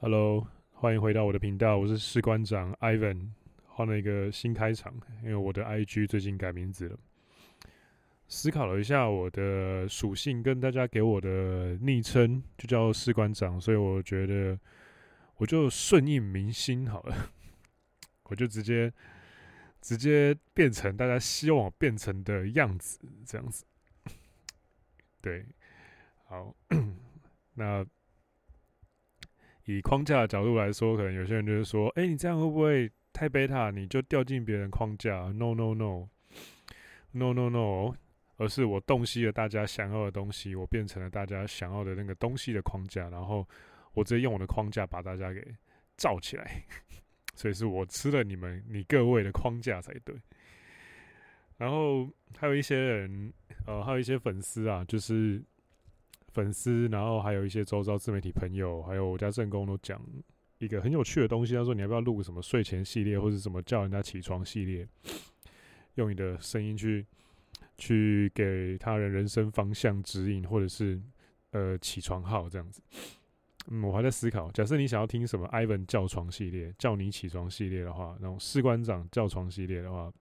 Hello，歡迎回到我的頻道，我是士官長 Iven，換了一個新開場，因為我的 IG 最近改名字了。思考了一下我的屬性跟大家給我的昵稱，就叫士官長，所以我覺得我就順應民心好了，我就直接直接變成大家希望我變成的樣子，這樣子。對，好， 那。以框架的角度來說，可能有些人就是說：“哎、欸，你這樣會不會太貝塔？你就掉進別人框架。”No no no no no no，而是我洞悉了大家想要的東西，我變成了大家想要的那個東西的框架，然後我直接用我的框架把大家給罩起來，所以是我吃了你們你各位的框架才對。然後還有一些人，呃，還有一些粉絲啊，就是。粉絲，然後還有一些周遭自媒體朋友，還有我家正宮都講一個很有趣的東西。他說：“你要不要錄個什麼睡前系列，或者什麼叫人家起床系列，用你的聲音去去給他人人生方向指引，或者是呃起床號這樣子？”嗯，我還在思考。假設你想要聽什麼 Ivan 叫床系列、叫你起床系列的話，那種士官長叫床系列的話，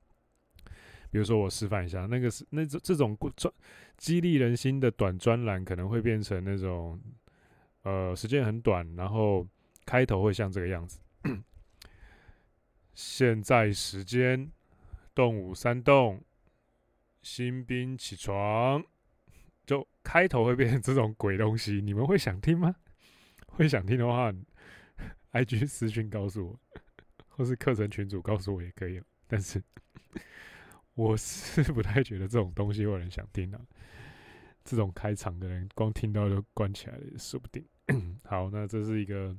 比如說，我示範一下，那個是那這這種專激勵人心的短專欄，可能會變成那種呃時間很短，然後開頭會像這個樣子。 現在時間，動物山洞，新兵起床，就開頭會變成這種鬼東西。你們會想聽嗎？會想聽的話，IG 私信告訴我，或是課程群組告訴我也可以。但是。我是不太覺得這種東西會有人想聽的。啊，這種開場的人光聽到就關起來了，也說不定。 好，那這是一個，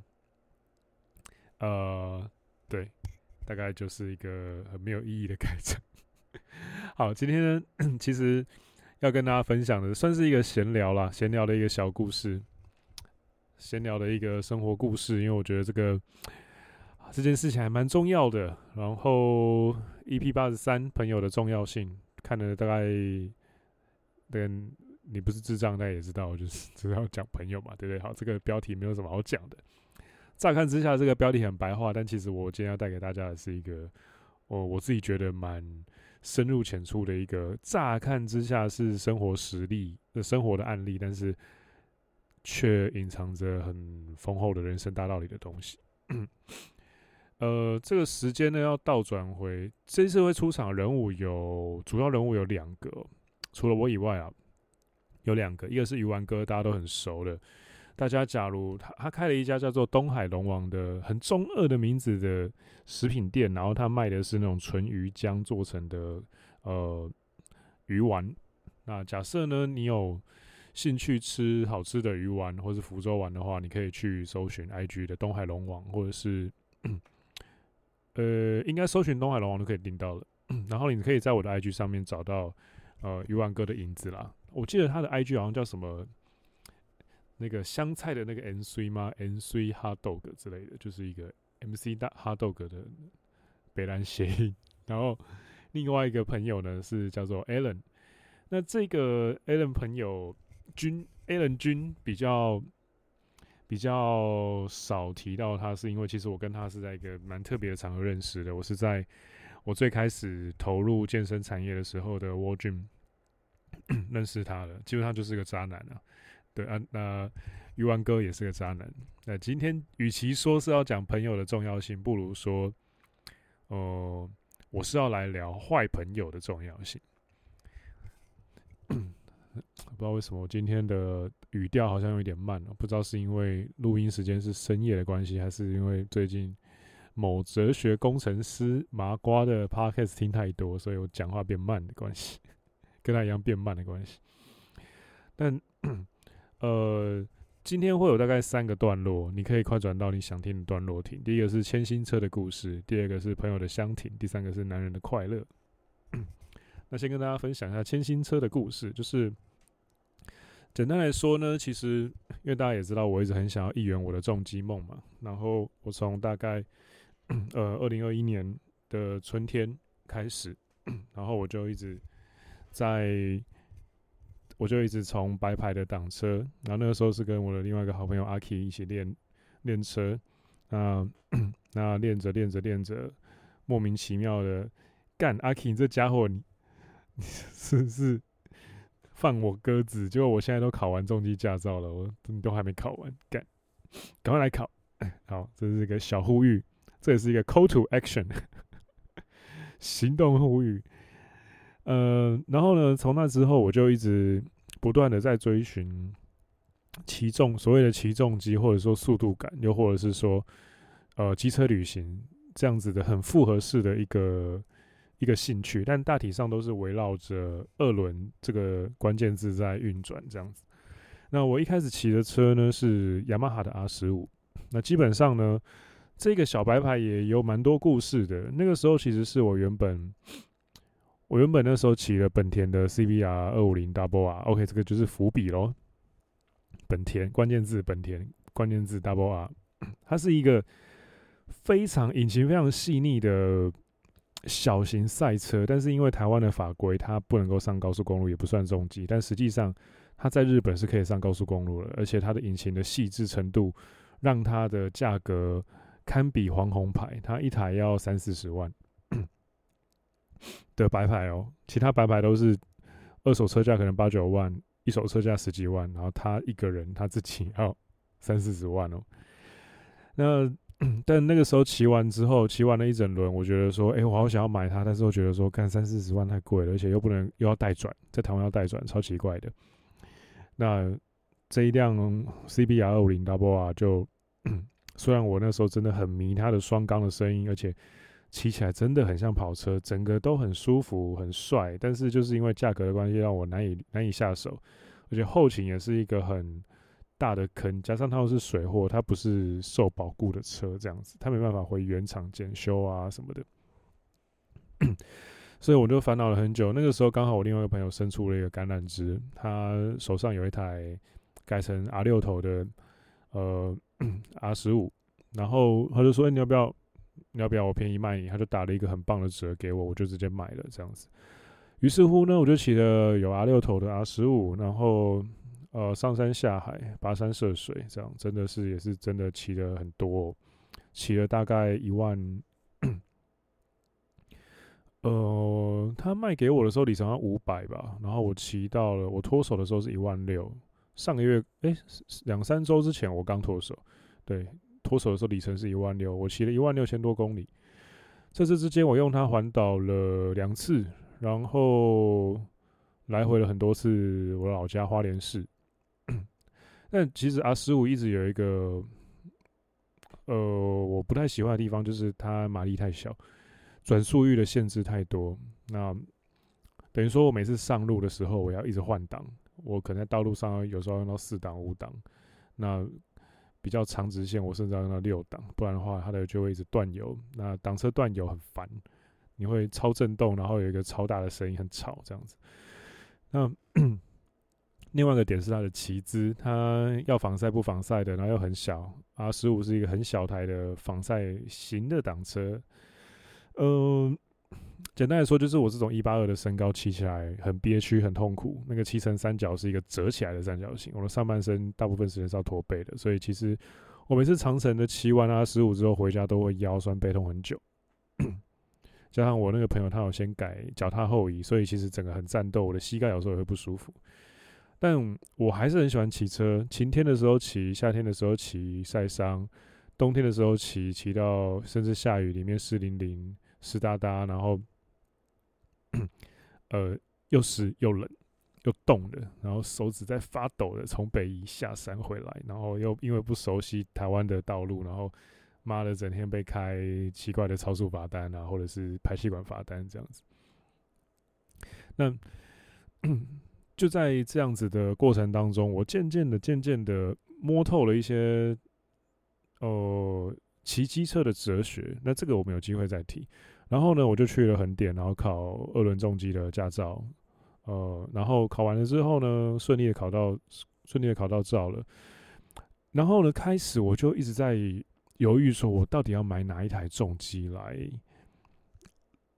呃，對，大概就是一個很沒有意義的開場。 好，今天、嗯、其實要跟大家分享的，算是一個閒聊啦，閒聊的一個小故事，閒聊的一個生活故事，因為我覺得這個、啊、這件事情還蠻重要的，然後。EP 83，朋友的重要性，看了大概，連你不是智障，大家也知道，就是知道講朋友嘛，對不對？好，這個標題沒有什麼好講的。乍看之下，這個標題很白話，但其實我今天要帶給大家的是一個，我我自己覺得蠻深入淺出的一個。乍看之下是生活實例的、呃、生活的案例，但是卻隱藏着很豐厚的人生大道理的東西。呃，這個時間呢要倒轉回，這次會出場人物有，主要人物有兩個，除了我以外啊，有兩個，一個是魚丸哥，大家都很熟的。大家假如他他開了一家叫做東海龍王的很中二的名字的食品店，然後他賣的是那種純魚漿做成的呃魚丸。那假設呢，你有興趣吃好吃的魚丸或是福州丸的話，你可以去搜尋 IG 的東海龍王，或者是。呃，應該搜尋東海龍王都可以訂到了。 然後你可以在我的 IG 上面找到，呃，魚丸哥的影子啦。我記得他的 IG 好像叫什麼，那個香菜的那個 MC 嗎？MC Hard Dog 之類的，就是一個 MC 大 Hard Dog 的北藍協議 然後另外一個朋友呢是叫做 Allen，那這個 Allen 朋友君，Allen 君比較。比較少提到他，是因為其實我跟他是在一個蠻特別的場合認識的。我是在我最開始投入健身產業的時候的 World Gym 認識他的，基本上就是個渣男啊。對啊，那、呃、魚丸哥也是個渣男。那、呃、今天與其說是要講朋友的重要性，不如說，哦、呃，我是要來聊壞朋友的重要性。 不知道為什麼我今天的。語調好像有點慢，不知道是因為錄音時間是深夜的關係，還是因為最近某哲學工程師麻瓜的 podcast 聽太多，所以我講話變慢的關係，跟他一樣變慢的關係。但，呃，今天會有大概三個段落，你可以快轉到你想聽的段落聽。第一個是牽新車的故事，第二個是朋友的相挺，第三個是男人的快樂。那先跟大家分享一下牽新車的故事，就是。簡單來說呢，其實因為大家也知道，我一直很想要一圓我的重機夢嘛。然後我從大概、嗯、呃二零二一年的春天開始、嗯，然後我就一直在，我就一直從白牌的擋車，然後那個時候是跟我的另外一個好朋友阿 K 一起練練車。啊嗯、那那練着練着練着，莫名其妙的幹阿 K 你這家伙，你你 是是。是放我鴿子，結果我現在都考完重機駕照了，我都還沒考完，趕，趕快來考。好，這是一個小呼籲，這也是一個 call to action，行動呼籲。呃，然後呢，從那之後我就一直不斷的在追尋騎重所謂的騎重機，或者說速度感，又或者是說呃機車旅行這樣子的很複合式的一個。一個興趣，但大體上都是圍繞着二輪這個關鍵字在運轉這樣子。那我一開始騎的車呢是雅馬哈的 R 十五，那基本上呢，這個小白牌也有蠻多故事的。那個時候其實是我原本，我原本那時候騎了本田的 CBR 二五零 Double R。OK，這個就是伏筆咯。本田關鍵字，本田關鍵字 Double R，它是一個非常引擎非常細膩的。小型賽車，但是因為台灣的法規，它不能夠上高速公路，也不算重機。但實際上，它在日本是可以上高速公路的，而且它的引擎的細致程度，讓它的價格堪比黃紅牌。它一台要三四十萬的白牌哦，其他白牌都是二手車價可能八九萬，一手車價十幾萬。然後他一個人他自己要三四十萬哦，那。但那個時候騎完之後，騎完了一整輪，我覺得說，誒、欸，我好想要買它，但是我覺得說，幹三四十萬太貴了，而且又不能又要待轉，在台灣要待轉，超奇怪的。那這一輛 CBR 二五零 RR 啊，就雖然我那時候真的很迷它的雙缸的聲音，而且騎起來真的很像跑車，整個都很舒服、很帥，但是就是因為價格的關係，讓我難以難以下手，而且後勤也是一個很。大的坑，加上它又是水貨，它不是受保固的車，這樣子，它沒辦法回原廠檢修啊什麼的， 所以我就煩惱了很久。那個時候剛好我另外一個朋友伸出了一個橄欖枝，他手上有一台改成 R 六頭的，呃，R 十五，然後他就說，欸：“你要不要？你要不要我便宜賣你？”他就打了一個很棒的折給我，我就直接買了這樣子。於是乎呢，我就騎了有 R 六頭的 R 十五，然後。呃，上山下海，跋山涉水，這樣真的是也是真的騎了很多，哦，騎了大概一萬。 呃，他賣給我的時候里程要五百吧，然後我騎到了，我脫手的時候是一萬六。上個月，哎、欸，兩三周之前我剛脫手，對，脫手的時候里程是一萬六，我騎了一萬六千多公里。在這之間，我用它環島了兩次，然後來回了很多次，我老家花蓮市。但其實 R15 一直有一個，呃，我不太喜歡的地方就是它馬力太小，轉速域的限制太多。那等於說我每次上路的時候，我要一直換擋，我可能在道路上有時候用到四檔、五檔，那比較長直線我甚至要用到六檔，不然的話它的就會一直斷油。那擋車斷油很煩，你會超震動，然後有一個超大的聲音，很吵這樣子。那 另外一個點是它的騎姿，它要仿賽不仿賽的，然後又很小。R 十五是一個很小台的仿賽型的擋車。嗯、呃，簡單來說，就是我這種一八二的身高騎起來很憋屈、很痛苦。那個騎乘三角是一個折起來的三角形，我的上半身大部分時間是要駝背的，所以其實我每次長程的騎完 R 十五之後回家都會腰酸背痛很久。 加上我那個朋友他有先改腳踏後移，所以其實整個很戰鬥，我的膝蓋有時候也會不舒服。但我還是很喜歡騎車，晴天的時候騎，夏天的時候騎曬傷，冬天的時候騎，騎到甚至下雨裡面濕淋淋、濕噠噠，然後，呃，又濕又冷又凍的，然後手指在發抖的從北宜下山回來，然後又因為不熟悉台灣的道路，然後，媽的，整天被開奇怪的超速罰單啊，或者是排氣管罰單這樣子，那。就在這樣子的過程當中，我漸漸的、漸漸的摸透了一些，呃，騎機車的哲學。那這個我們有機會再提。然後呢，我就去了橫店，然後考二輪重機的駕照。呃，然後考完了之後呢，順利的考到順利的考到照了。然後呢，開始我就一直在猶豫，說我到底要買哪一台重機來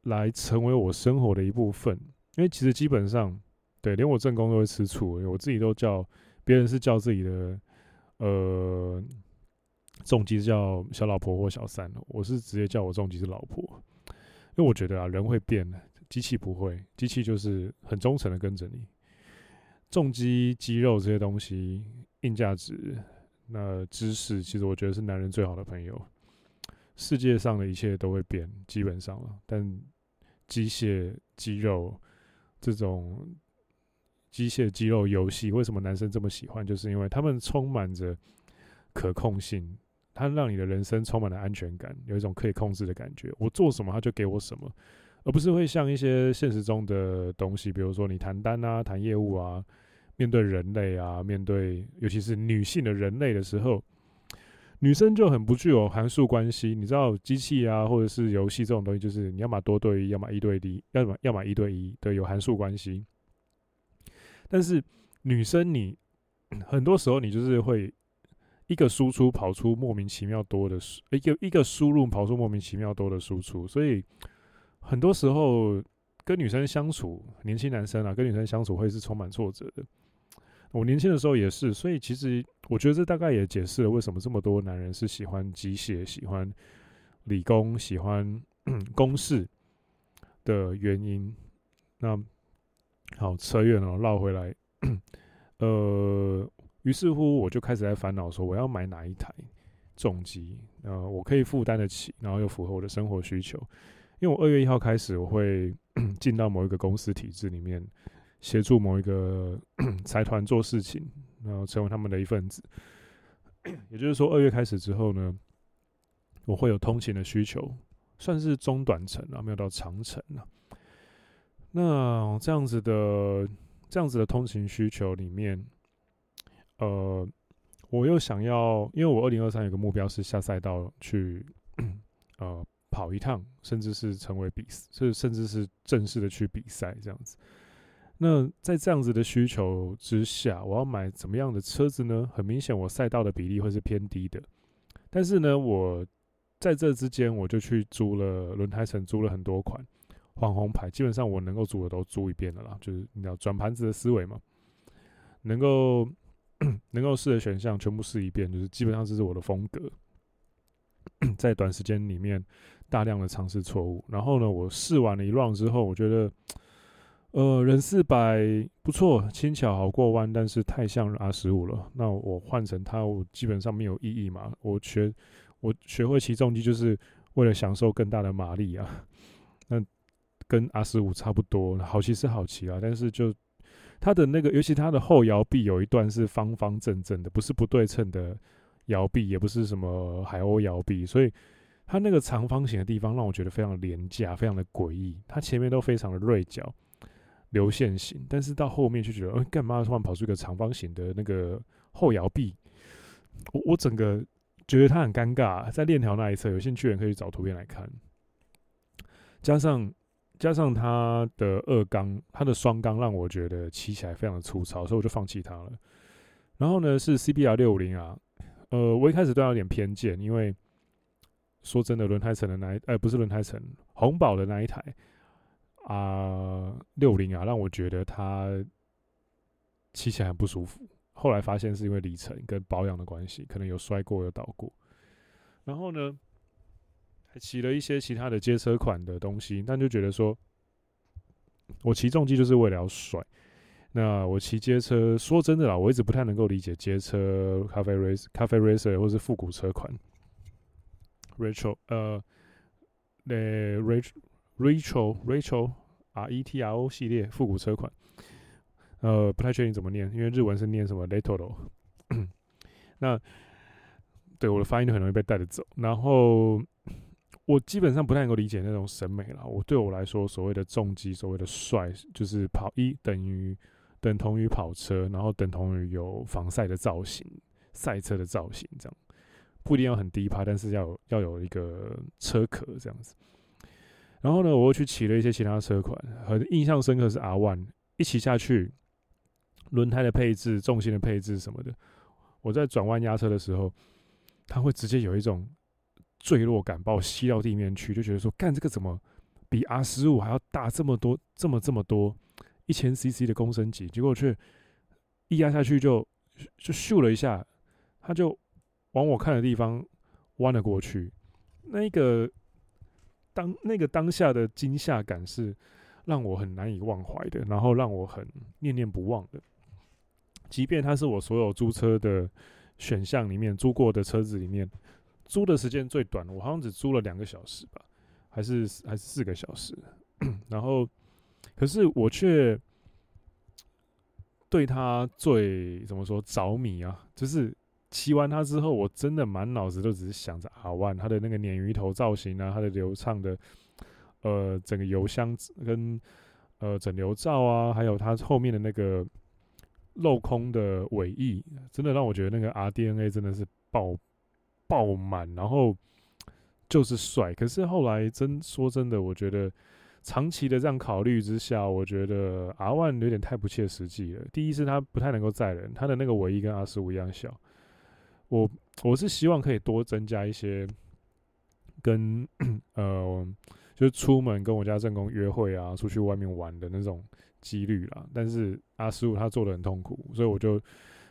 來成為我生活的一部分？因為其實基本上。對，連我正宮都會吃醋，我自己都叫別人是叫自己的，呃，重機是叫小老婆或小三，我是直接叫我重機是老婆，因為我覺得啊，人會變的，機器不會，機器就是很忠誠的跟着你。重機肌肉這些東西硬價值，那知識其實我覺得是男人最好的朋友。世界上的一切都會變，基本上了，但機械肌肉這種。機械肌肉遊戲為什麼男生這麼喜歡？就是因為他們充滿着可控性，它讓你的人生充滿了安全感，有一種可以控制的感覺。我做什麼，他就給我什麼，而不是會像一些現實中的東西，比如說你談單啊、談業務啊，面對人類啊，面對尤其是女性的人類的時候，女生就很不具有函數關係。你知道，機器啊，或者是遊戲這種東西，就是你要麼多對一，要麼一對一，要麼要麼一對一，對，有函數關係。但是女生你，你很多時候你就是會一個輸出跑出莫名其妙多的輸，一個一個輸入跑出莫名其妙多的輸出，所以很多時候跟女生相處，年輕男生啊跟女生相處會是充滿挫折的。我年輕的時候也是，所以其實我覺得這大概也解釋了為什麼這麼多男人是喜歡機械、喜歡理工、喜歡 公式的原因。那。好，車運哦，繞回來。呃，於是乎，我就開始在煩惱說，我要買哪一台重機啊，我可以負擔得起，然後又符合我的生活需求。因為我二月一號開始，我會進到某一個公司體制裡面，協助某一個財團做事情，然後成為他們的一份子。也就是說，二月開始之後呢，我會有通勤的需求，算是中短程啊，沒有到長程啊那這樣子的這樣子的通勤需求裡面，呃，我又想要，因為我二零二三有個目標是下賽道去，呃，跑一趟，甚至是成為比賽，這甚至是正式的去比賽這樣子。那在這樣子的需求之下，我要買怎麼樣的車子呢？很明顯，我賽道的比例會是偏低的。但是呢，我在這之間，我就去租了輪胎城，租了很多款。網紅牌基本上我能夠做的都做一遍了啦，就是你知道轉盤子的思維嘛，能夠能夠試的選項全部試一遍，就是基本上這是我的風格，在短時間裡面大量的嘗試錯誤。然後呢，我試完了一 round 之後，我覺得，呃，忍四百不錯，輕巧好過彎，但是太像 R 十五了，那我換成它，我基本上沒有意義嘛。我學我學會騎重機就是為了享受更大的馬力啊。跟 R15 差不多，好奇是好奇啊，但是就它的那個，尤其它的後搖臂有一段是方方正正的，不是不對稱的搖臂，也不是什麼海鷗搖臂，所以它那個長方形的地方讓我覺得非常廉價，非常的詭異。它前面都非常的銳角流線型，但是到後面就覺得，哎、欸，幹嘛突然跑出一個長方形的那個後搖臂？我我整個覺得它很尷尬，啊，在鏈條那一側，有興趣的人可以找圖片來看，加上。加上它的二缸，它的雙缸讓我覺得騎起來非常的粗糙，所以我就放棄它了。然後呢，是 CBR 六五零，啊，呃，我一開始對它有點偏見，因為說真的，輪胎城的那一，呃、不是輪胎城，紅寶的那一台啊，六五零啊，讓我覺得它騎起來很不舒服。後來發現是因為里程跟保養的關係，可能有摔過，有倒過。然後呢，還騎了一些其他的街車款的東西，但就覺得說，我騎重機就是為了要甩。那我騎街車，說真的啦，我一直不太能夠理解街車、咖啡 race、咖啡 racer 或是復古車款 （retro）。 Retro，呃，呃 retro retro retro R E T R O 系列復古車款。呃，不太確定怎麼念，因為日文是念什麼 l i t r o 那對我的發音就很容易被帶着走，然後。我基本上不太能夠理解那種審美了。我對我來說，所謂的重機，所謂的帥，就是跑一等於等同於跑車，然後等同於有防曬的造型、賽車的造型，這樣不一定要很低趴，但是要有要有一個車殼這樣子。然後呢，我又去騎了一些其他車款，很印象深刻是 R1，一騎下去，輪胎的配置、重心的配置什麼的，我在轉彎壓車的時候，它會直接有一種。墜落感，把我吸到地面去，就覺得說，幹這個怎麼比 R15 還要大這麼多，這麼這麼多一千 CC 的公升級，結果卻一壓下去就就咻了一下，它就往我看的地方彎了過去。那個當那個當下的驚嚇感是讓我很難以忘懷的，然後讓我很念念不忘的。即便它是我所有租車的選項裡面租過的車子裡面，租的時間最短，我好像只租了兩個小時吧，還是還是四個小時。然後，可是我卻對他最怎麼說着迷啊？就是騎完它之後，我真的滿腦子都只是想着阿萬他的那個鯰魚頭造型啊，他的流暢的呃整個油箱跟呃整流罩啊，還有他後面的那個鏤空的尾翼，真的讓我覺得那個 RDNA 真的是爆。爆滿，然後就是帥。可是後來真說真的，我覺得長期的這樣考慮之下，我覺得阿萬有點太不切實際了。第一是他不太能夠載人，他的那個尾翼跟阿十五一樣小。我我是希望可以多增加一些跟呃，就是出門跟我家正宮約會啊，出去外面玩的那種幾率啦。但是阿十五他坐的很痛苦，所以我就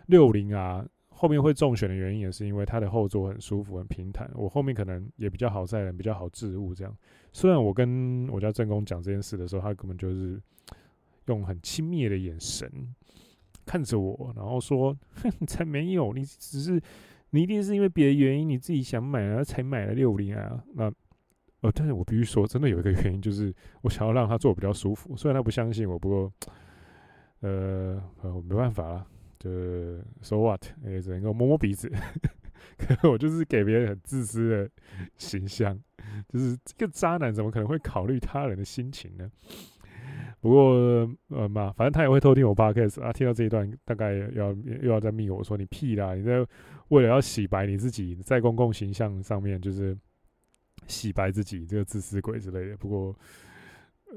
六零啊。後面會中選的原因也是因為它的後座很舒服、很平坦。我後面可能也比較好載人、比較好置物。這樣，雖然我跟我家正宮講這件事的時候，他根本就是用很輕蔑的眼神看着我，然後說哼：“才沒有，你只是你一定是因為別的原因，你自己想買啊才買了六五零啊。”那，呃，但是我必須說，真的有一個原因就是我想要讓他坐比較舒服。雖然他不相信我，不過，呃，呃我沒辦法了。就 So what？也、欸、只能夠摸摸鼻子。可我就是給別人很自私的形象，就是這個渣男，怎麼可能會考慮他人的心情呢？不過，呃嘛，反正他也會偷聽我 Podcast 啊，聽到這一段，大概要又要在密我說，說你屁啦！你在為了要洗白你自己，在公共形象上面就是洗白自己這個自私鬼之類的。不過，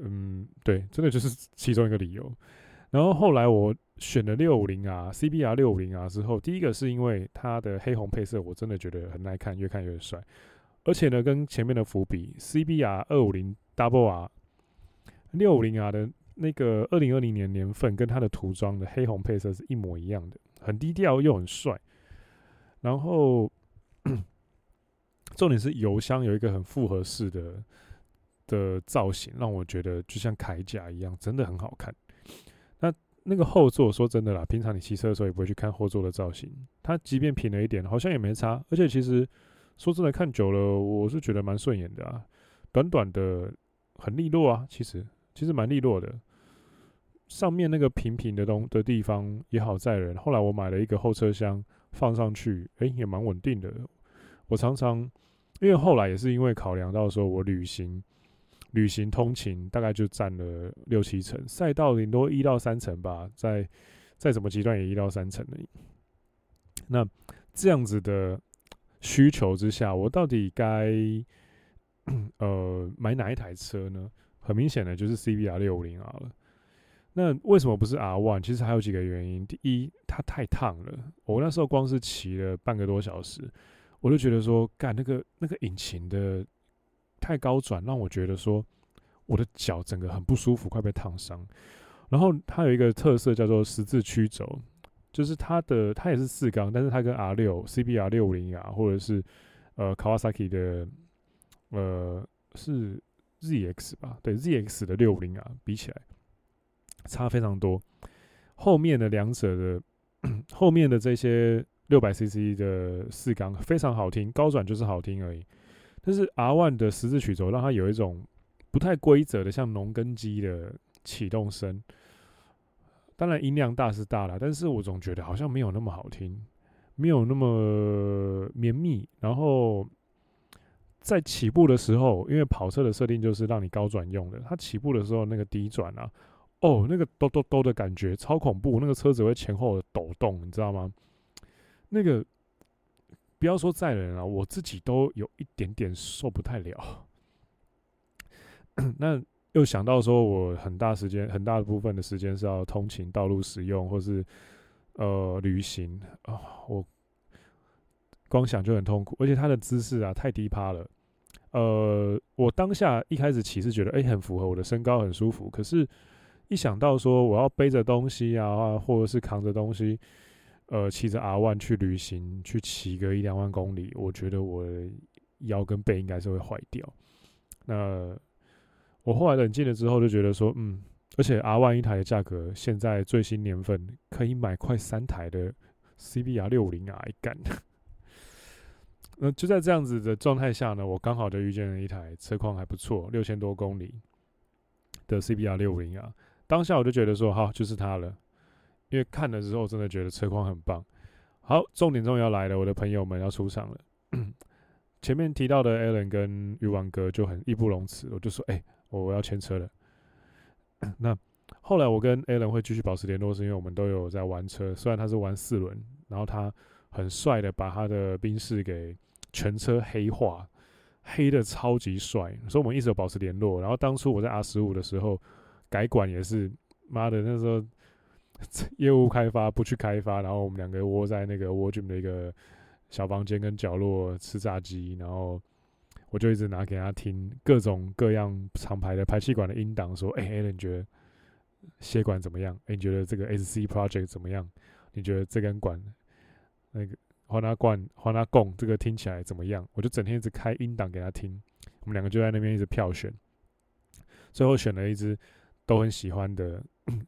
嗯，對，真的就是其中一個理由。然後後來我。選了六五零 R CBR 六五零 R 之後，第一個是因為它的黑紅配色，我真的覺得很耐看，越看越帥。而且呢，跟前面的伏筆 C B R 二五零 Double R 六五零 R 的那個二零二零年年份，跟它的塗裝的黑紅配色是一模一樣的，很低調又很帥。然後， 重點是油箱有一個很複合式的的造型，讓我覺得就像鎧甲一樣，真的很好看。那。那個後座，說真的啦，平常你騎車的時候也不會去看後座的造型，它即便平了一點，好像也沒差。而且其實說真的，看久了，我是覺得蠻順眼的啊，短短的，很利落啊，其實其實蠻利落的。上面那個平平的東的地方也好載人。後來我買了一個後車廂放上去，哎、欸，也蠻穩定的。我常常，因為後來也是因為考量到說我旅行。旅行通勤大概就佔了六七成，賽道頂多一到三成吧，在在什麼階段也一到三成的。那這樣子的需求之下，我到底該呃買哪一台車呢？很明顯的就是 CBR650R 了。那為什麼不是 R One？其實還有幾個原因，第一，它太燙了。我那時候光是騎了半個多小時，我就覺得說，幹那個那個引擎的。太高轉讓我覺得說我的腳整個很不舒服，快被燙傷。然後它有一個特色叫做十字曲軸，就是它的它也是四缸，但是它跟 R 六、CBR 六五零啊，或者是呃卡瓦薩基的呃是 ZX 吧？對，ZX 的六五零啊比起來差非常多。後面的兩者的後面的這些六百 CC 的四缸非常好聽，高轉就是好聽而已。但是 R One 的十字曲軸，讓它有一種不太規則的、像農耕機的啟動聲。當然音量大是大了，但是我總覺得好像沒有那麼好聽，沒有那麼綿密。然後在起步的時候，因為跑車的設定就是讓你高轉用的，它起步的時候那個低轉啊，哦，那個兜兜兜的感覺超恐怖，那個車子會前後抖動，你知道嗎？那個。不要說載人啊，我自己都有一點點受不太了。 那又想到說，我很大時間，很大部分的時間是要通勤、道路使用，或是呃旅行啊、呃，我光想就很痛苦。而且它的姿勢啊，太低趴了。呃，我當下一開始其實覺得，哎、欸，很符合我的身高，很舒服。可是，一想到說我要背着東西啊，或者是扛着東西。呃，騎着 R One 去旅行，去騎個一兩萬公里，我覺得我的腰跟背應該是會壞掉。那我後來冷靜了之後，就覺得說，嗯，而且 R One 一台的價格，現在最新年份可以買快三台的 CBR650R，一幹。那就在這樣子的狀態下呢，我剛好就遇見了一台車況還不錯，六千多公里的 CBR650R，當下我就覺得說，好，就是它了。因為看了之後，真的覺得車況很棒。好，重點終於要來了，我的朋友們要出場了。 前面提到的 Alan 跟魚丸哥就很義不容辭，我就說：“哎、欸，我要牽車了。” 那後來我跟 Alan 會繼續保持聯絡，是因為我們都有在玩車，雖然他是玩四輪，然後他很帥的把他的賓士給全車黑化，黑的超級帥，所以我們一直有保持聯絡。然後當初我在 R 十五的時候改管也是，媽的那時候。業務開發不去開發，然後我們兩個窩在那個窩居的一個小房間跟角落吃炸雞，然後我就一直拿給他聽各種各樣廠牌的排氣管的音檔，說：“哎，Allen，你覺得血管怎麼樣？哎、欸，你覺得這個 SC Project 怎麼樣？你覺得這根管那個花他管花他供，這個聽起來怎麼樣？”我就整天一直開音檔給他聽，我們兩個就在那邊一直票選，最後選了一支。都很喜歡的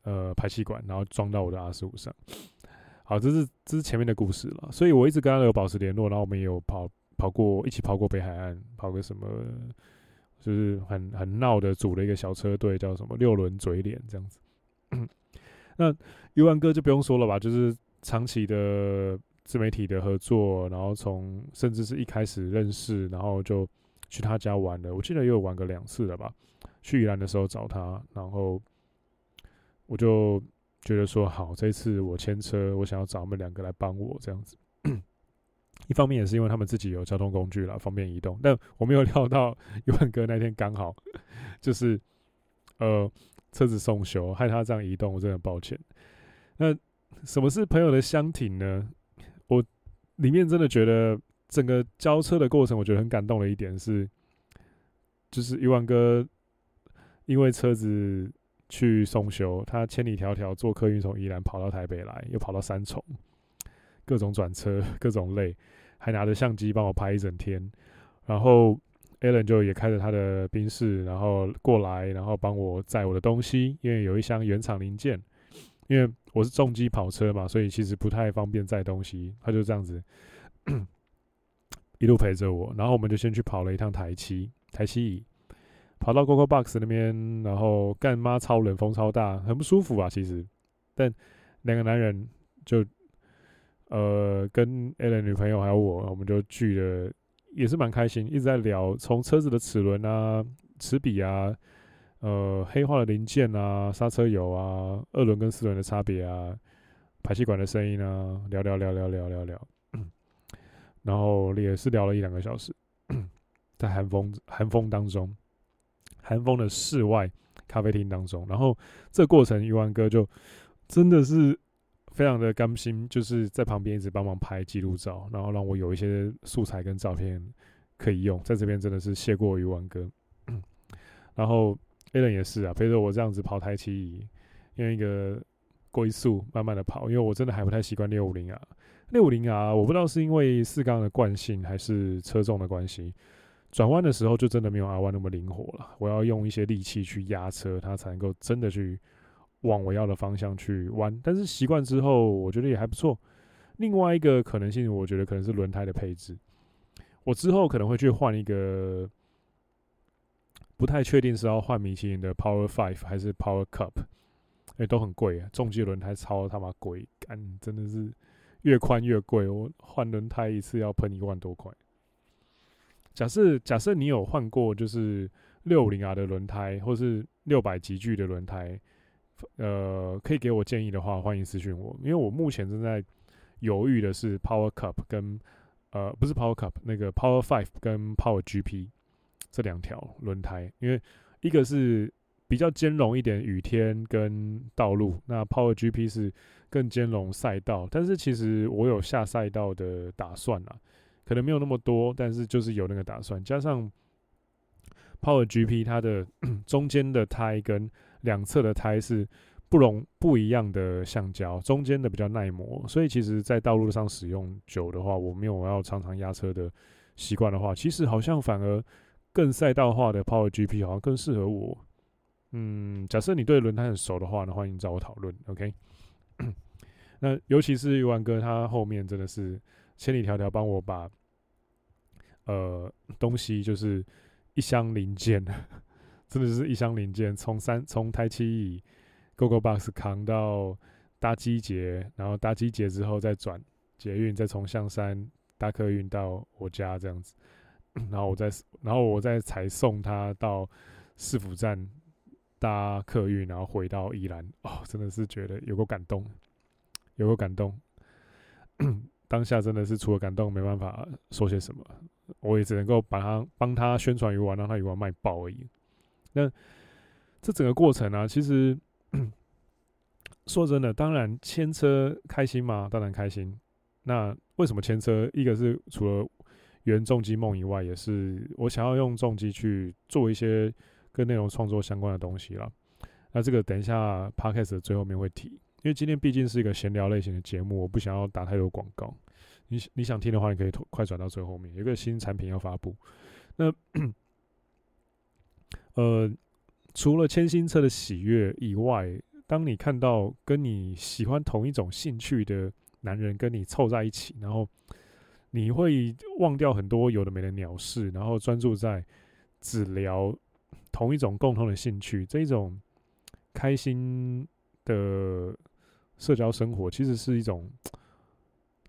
呃排氣管，然後裝到我的 R15 上。好，這是這是前面的故事了。所以我一直跟他有保持聯絡，然後我們也有跑跑過一起跑過北海岸，跑個什麼就是很很鬧的，組了一個小車隊，叫什麼六輪嘴臉這樣子。 那 U 萬哥就不用說了吧，就是長期的自媒體的合作，然後從甚至是一開始認識，然後就去他家玩的。我記得也有玩過兩次了吧。去宜蘭的時候找他，然後我就覺得說好，這次我牽車，我想要找他們兩個來幫我這樣子。 一方面也是因為他們自己有交通工具了，方便移動。但我沒有料到一萬哥那天剛好就是呃車子送修，害他這樣移動，我真的很抱歉。那什麼是朋友的相挺呢？我裡面真的覺得整個交車的過程，我覺得很感動的一點是，就是一萬哥。因為車子去送修，他千里迢迢坐客運從宜蘭跑到台北來，又跑到三重，各種轉車，各種累，還拿着相機幫我拍一整天。然後 Alan 就也開着他的賓士，然後過來，然後幫我載我的東西，因為有一箱原廠零件，因為我是重機跑車嘛，所以其實不太方便載東西。他就這樣子一路陪着我，然後我們就先去跑了一趟台七，台七乙。跑到 Coco Box 那邊，然後幹媽超冷，風超大，很不舒服啊。其實，但兩個男人就呃跟 Alan 女朋友還有我，我們就聚了，也是蠻開心，一直在聊。從車子的齒輪啊、齒比啊、呃黑化的零件啊、剎車油啊、二輪跟四輪的差別啊、排氣管的聲音啊，聊聊聊聊聊聊聊。嗯、然後也是聊了一兩個小時，在寒風寒風當中。寒風的室外咖啡廳當中，然後這過程魚丸哥就真的是非常的甘心，就是在旁邊一直幫忙拍記錄照，然後讓我有一些素材跟照片可以用，在這邊真的是謝過魚丸哥。嗯。然後 Alan 也是啊，陪着我這樣子跑台騎，用一個龜速慢慢的跑，因為我真的還不太習慣六五零啊，六五零啊，我不知道是因為四缸的慣性還是車重的關係。轉彎的時候就真的沒有 R1 那麼靈活了，我要用一些力氣去壓車，它才能夠真的去往我要的方向去彎。但是習慣之後，我覺得也還不錯。另外一個可能性，我覺得可能是輪胎的配置，我之後可能會去換一個，不太確定是要換米其林的 Power Five 還是 Power Cup，誒、欸，都很貴啊，重機輪胎超他媽貴，幹真的是越寬越貴，我換輪胎一次要噴一萬多塊。假設假設你有換過就是六五零 R 的輪胎，或是六百級距的輪胎，呃，可以給我建議的話，歡迎私訊我。因為我目前正在猶豫的是 Power Cup 跟呃不是 Power Cup 那個 Power Five 跟 Power GP 這兩條輪胎，因為一個是比較兼容一點雨天跟道路，那 Power GP 是更兼容賽道，但是其實我有下賽道的打算啦、啊。可能沒有那麼多，但是就是有那個打算。加上 Power GP 它的中間的胎跟兩側的胎是不容不一樣的橡膠，中間的比較耐磨，所以其實，在道路上使用久的話，我沒有要常常壓車的習慣的話，其實好像反而更賽道化的 Power GP 好像更適合我。嗯，假設你對輪胎很熟的話呢，歡迎找我討論。OK， 那尤其是魚丸哥他後面真的是。千里迢迢幫我把呃東西，就是一箱零件，呵呵真的是一箱零件，從三從台七以 Google Go Box 扛到搭機捷，然後搭機捷之後再轉捷運，再從象山搭客運到我家這樣子，然後我再然後我再才送他到市府站搭客運，然後回到宜蘭。哦，真的是覺得有夠感動，有夠感動。 當下真的是除了感動沒辦法說些什麼，我也只能夠把他幫他宣傳魚丸，讓他魚丸賣爆而已。那這整個過程啊，其實說真的，當然牽車開心嘛？當然開心。那為什麼牽車？一個是除了圓重機夢以外，也是我想要用重機去做一些跟內容創作相關的東西啦。那這個等一下 Podcast 最後面會提。因為今天畢竟是一個閒聊類型的節目，我不想要打太多廣告。你你想聽的話，你可以快轉到最後面，有一個新產品要發布。那呃，除了牽新車的喜悅以外，當你看到跟你喜歡同一種興趣的男人跟你湊在一起，然後你會忘掉很多有的沒的鳥事，然後專注在只聊同一種共同的興趣，這一種開心的。社交生活其實是一種，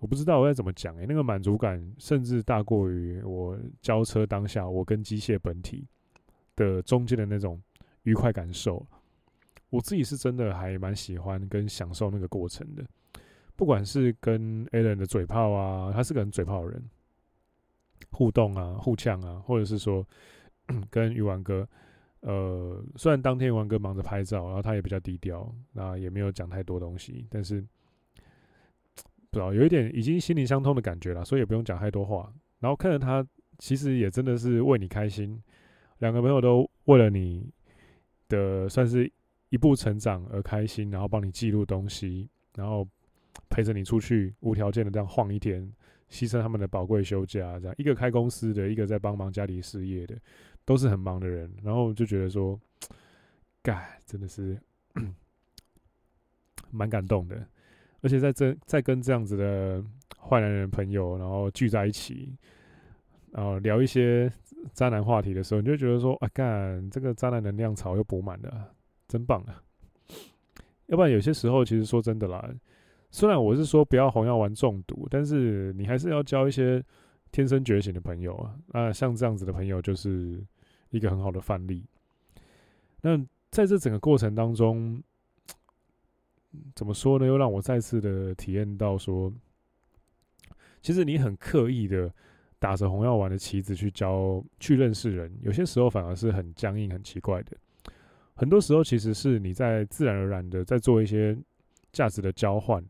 我不知道我該怎麼講、欸、那個滿足感甚至大過於我交車當下我跟機械本體的中間的那種愉快感受。我自己是真的還蠻喜歡跟享受那個過程的，不管是跟 Alan 的嘴炮啊，他是個很嘴炮的人，互動啊、互嗆啊，或者是說跟魚丸哥。呃，雖然當天王哥忙着拍照，然後他也比較低調，那也沒有講太多東西，但是不知道有一點已經心靈相通的感覺了，所以也不用講太多話。然後看着他，其實也真的是為你開心，兩個朋友都為了你的算是一步成長而開心，然後幫你記錄東西，然後陪着你出去無條件的這樣晃一天，犧牲他們的寶貴休假，這樣一個開公司的，一個在幫忙家裡事業的。都是很忙的人，然後就覺得說，幹，真的是蠻 感動的。而且在這在跟這樣子的壞男人朋友，然後聚在一起，然後聊一些渣男話題的時候，你就覺得說，啊，幹，這個渣男能量槽又補滿了，真棒啊！要不然有些時候，其實說真的啦，雖然我是說不要紅藥丸中毒，但是你還是要交一些天生覺醒的朋友啊。那、啊、像這樣子的朋友，就是。一個很好的範例。那在這整個過程當中，怎麼說呢？又讓我再次的體驗到說，其實你很刻意的打着紅藥丸的旗子去交，去認識人，有些時候反而是很僵硬、很奇怪的。很多時候其實是你在自然而然的在做一些價值的交換，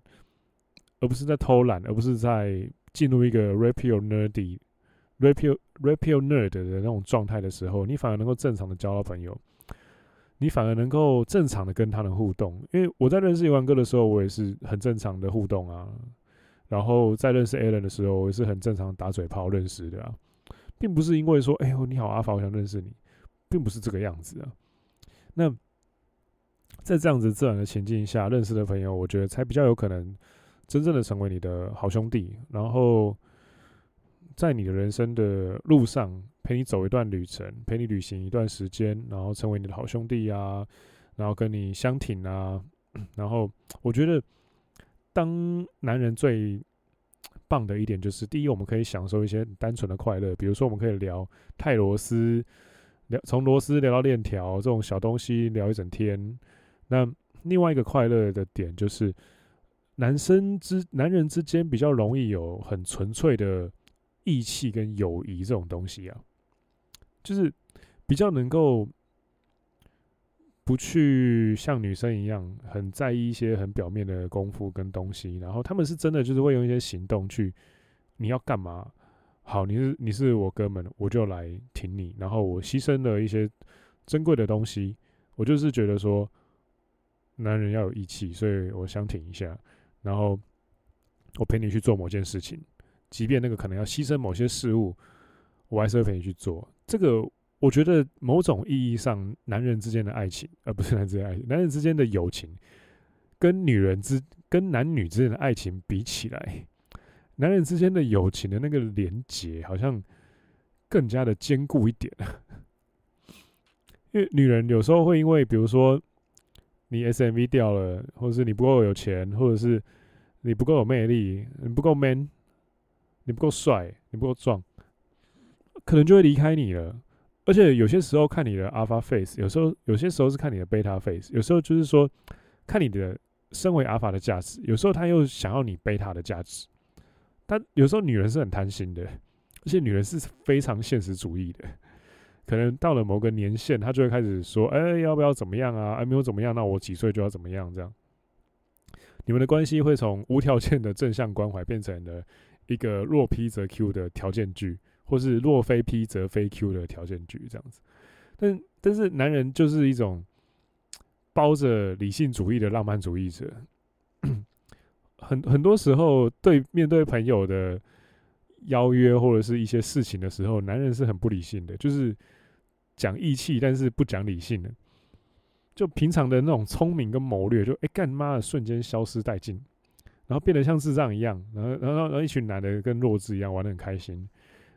而不是在偷懶，而不是在進入一個 rapio nerdy。Rapio Rapio nerd 的那種狀態的時候，你反而能夠正常的交到朋友，你反而能夠正常的跟他們互動。因為我在認識一萬哥的時候，我也是很正常的互動啊。然後在認識 Alan 的時候，我也是很正常打嘴炮認識的啊，並不是因為說“哎、欸、呦你好，阿法，我想認識你”，並不是這個樣子啊。那在這樣子自然的情境下認識的朋友，我覺得才比較有可能真正的成為你的好兄弟。然後。在你的人生的路上，陪你走一段旅程，陪你旅行一段時間，然後成為你的好兄弟啊，然後跟你相挺啊。然後我覺得，當男人最棒的一點就是，第一，我們可以享受一些很單純的快樂，比如說我們可以聊泰螺絲，聊從螺絲聊到鏈條這種小東西聊一整天。那另外一個快樂的點就是，男生之男人之間比較容易有很純粹的。義氣跟友誼這種東西啊，就是比較能夠不去像女生一樣很在意一些很表面的功夫跟東西，然後他們是真的就是會用一些行動去，你要幹嘛？好，你是你是我哥們，我就來挺你，然後我犧牲了一些珍貴的東西，我就是覺得說，男人要有義氣，所以我想挺一下，然後我陪你去做某件事情。即便那個可能要犧牲某些事物，我還是會陪你去做。這個我覺得，某種意義上，男人之間的愛情，而、呃、不是男人之間愛情，男人之間的友情，跟女人之跟男女之間的愛情比起來，男人之間的友情的那個連接好像更加的堅固一點。因為女人有時候會因為，比如說你 SMV 掉了，或者是你不夠有錢，或者是你不夠有魅力，你不夠 man。你不夠帥，你不夠壯，可能就會離開你了。而且有些時候看你的 alpha face，有時候有些時候是看你的貝塔 face，有時候就是說看你的身為 alpha 的價值，有時候他又想要你貝塔的價值。但有時候女人是很貪心的，而且女人是非常現實主義的。可能到了某個年限，她就會開始說：“哎、欸，要不要怎麼樣啊？還、啊、沒有怎麼樣，那我幾歲就要怎麼樣這樣。”你們的關係會從無條件的正向關懷變成了。一個若 p 則 q 的條件句，或是若非 p 則非 q 的條件句，這樣子。但但是男人就是一種包着理性主義的浪漫主義者。 很很多時候對面對朋友的邀約或者是一些事情的時候，男人是很不理性的，就是講義氣，但是不講理性的。就平常的那種聰明跟謀略，就誒，幹媽的瞬間消失殆盡。然後變得像智障一樣，然後然後然後一群男的跟弱智一樣玩的很開心，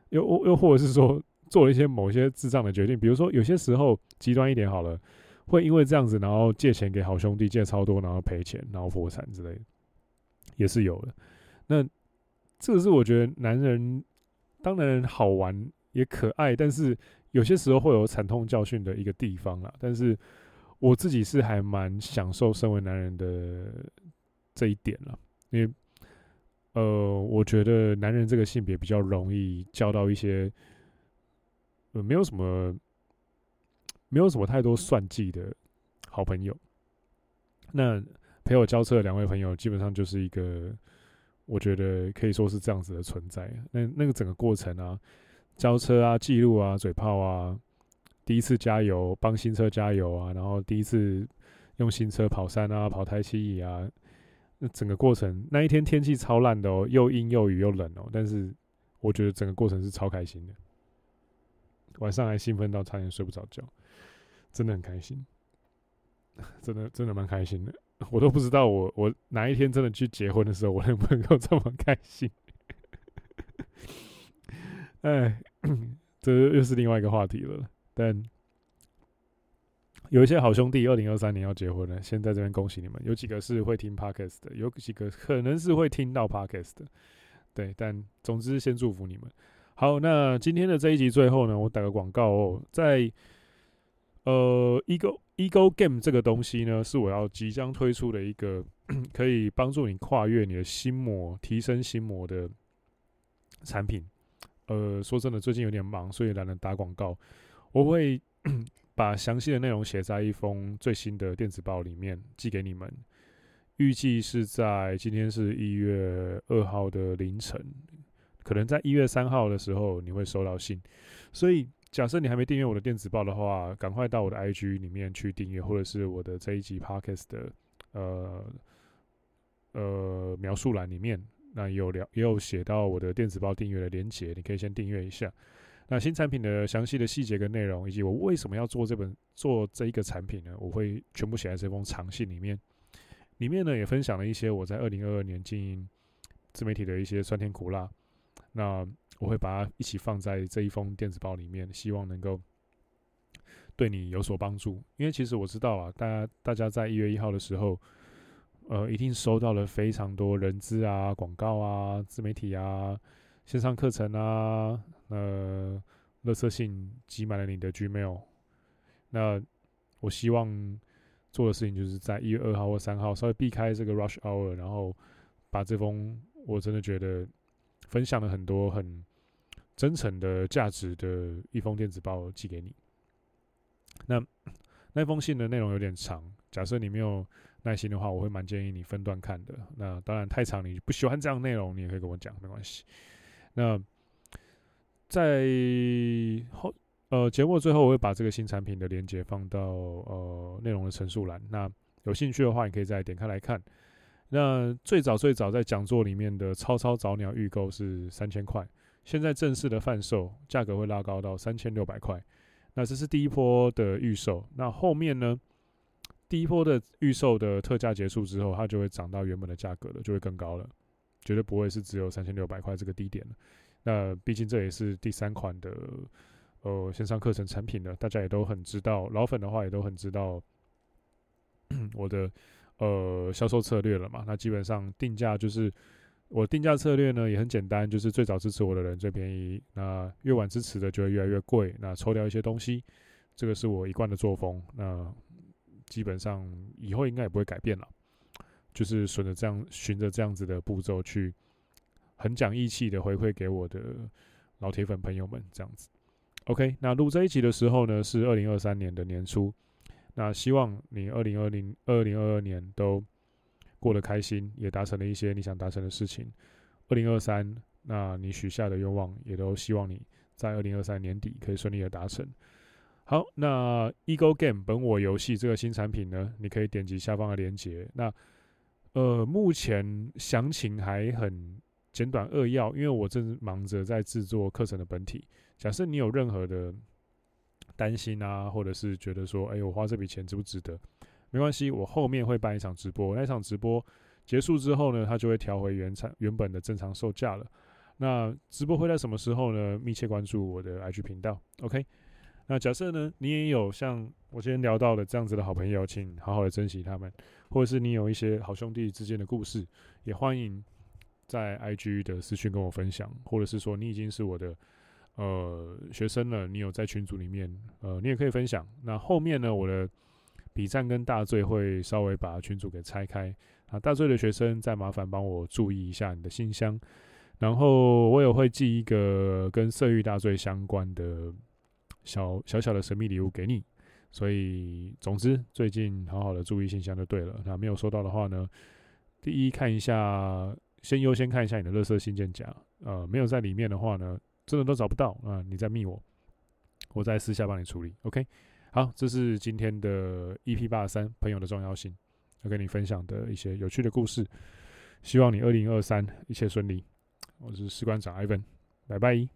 又又又或者是說做了一些某些智障的決定，比如說有些時候極端一點好了，會因為這樣子然後借錢給好兄弟借超多，然後賠錢然後破產之類的，也是有的。那這個是我覺得男人當然好玩也可愛，但是有些時候會有慘痛教訓的一個地方啦，但是我自己是還蠻享受身為男人的這一點了。因為呃，我覺得男人這個性別比較容易交到一些，呃，沒有什麼，沒有什麼太多算計的好朋友。那陪我交車的兩位朋友，基本上就是一個，我覺得可以說是這樣子的存在。那那個整個過程啊，交車啊、記錄啊、嘴炮啊，第一次加油、幫新車加油啊，然後第一次用新車跑山啊、跑台七乙啊。那整個過程，那一天天氣超爛的哦，又陰又雨又冷哦，但是我覺得整個過程是超開心的。晚上還興奮到差點睡不着覺，真的很開心，真的真的蠻開心的。我都不知道我我哪一天真的去結婚的時候，我能不能夠這麼開心？哎， 這又是另外一個話題了，但。有一些好兄弟，二零二三年要結婚了，先在這邊恭喜你們。有幾個是會聽 podcast 的，有幾個可能是會聽到 podcast 的，對。但總之，先祝福你們。好，那今天的這一集最後呢，我打個廣告哦，在呃 EGO EGO GAME 這個東西呢，是我要即將推出的一個可以幫助你跨越你的心魔、提升心魔的產品。呃，說真的，最近有點忙，所以懶得打廣告。我會。把詳細的內容寫在一封最新的電子報裡面寄給你們，預計是在今天是一月二號的凌晨，可能在一月三號的時候你會收到信。所以，假設你還沒訂閱我的電子報的話，趕快到我的 IG 裡面去訂閱，或者是我的這一集 Podcast 的呃呃描述欄裡面，那有聊也有寫到我的電子報訂閱的鏈接，你可以先訂閱一下。那新產品的詳細的細節跟內容，以及我為什麼要做這本做這一個產品呢？我會全部寫在這封長信裡面。裡面呢也分享了一些我在二零二二年經營自媒體的一些酸甜苦辣。那我會把它一起放在這一封電子報裡面，希望能夠對你有所幫助。因為其實我知道啊，大家大家在一月一號的時候，呃，一定收到了非常多人資啊、廣告啊、自媒體啊。線上課程啊，呃，垃圾信擠滿了你的 Gmail，那我希望做的事情就是在一月二號或三號稍微避開這個 Rush Hour，然後把這封我真的覺得分享了很多很真誠的價值的一封電子報寄給你。那那封信的內容有點長，假設你沒有耐心的話，我會蠻建議你分段看的。那當然太長，你不喜歡這樣內容，你也可以跟我講，沒關係。那在後呃，節目最後我會把這個新產品的連結放到呃內容的陳述欄，那有興趣的話你可以再點開來看。那最早最早在講座裡面的超超早鳥預購是三千塊，現在正式的販售價格會拉高到三千六百塊。那這是第一波的預售，那後面呢？第一波的預售的特價結束之後，它就會漲到原本的價格了，就會更高了。絕對不會是只有三千六百塊這個低點了。那畢竟這也是第三款的呃線上課程產品了，大家也都很知道，老粉的話也都很知道我的呃銷售策略了嘛。那基本上定價就是我定價策略呢也很簡單，就是最早支持我的人最便宜，那越晚支持的就會越來越貴，那抽掉一些東西，這個是我一貫的作風，那基本上以後應該也不會改變了。就是順着這樣循着這樣子的步驟去，很講義氣的回饋給我的老鐵粉朋友們這樣子。OK，那錄這一集的時候呢，是二零二三年的年初。那希望你二零二零二零二二年都過得開心，也達成了一些你想達成的事情。二零二三，那你許下的願望也都希望你在二零二三年底可以順利的達成。好，那 EGO GAME 本我遊戲這個新產品呢，你可以點擊下方的鏈接。那呃，目前詳情還很簡短扼要，因為我正忙着在制作課程的本體。假設你有任何的擔心啊，或者是覺得說，哎，我花這筆錢值不值得？沒關係，我後面會辦一場直播，那一場直播結束之後呢，它就會調回原產原本的正常售價了。那直播會在什麼時候呢？密切關注我的 IG 頻道，OK。那假設呢，你也有像我今天聊到的這樣子的好朋友，請好好的珍惜他們，或者是你有一些好兄弟之間的故事，也歡迎在 IG 的私訊跟我分享，或者是說你已經是我的呃學生了，你有在群組裡面呃，你也可以分享。那後面呢，我的筆戰跟大罪會稍微把群組給拆開啊，那大罪的學生再麻煩幫我注意一下你的信箱，然後我也會寄一個跟色慾大罪相關的。小小小的神秘禮物給你，所以總之最近好好的注意信箱就對了。那沒有收到的話呢，第一看一下，先優先看一下你的垃圾信件夾。呃，沒有在裡面的話呢，真的都找不到。啊，你再密我，我再私下幫你處理。OK，好，這是今天的 EP 八十三朋友的重要性，要跟你分享的一些有趣的故事。希望你二零二三一切順利。我是士官長 Iven 拜拜。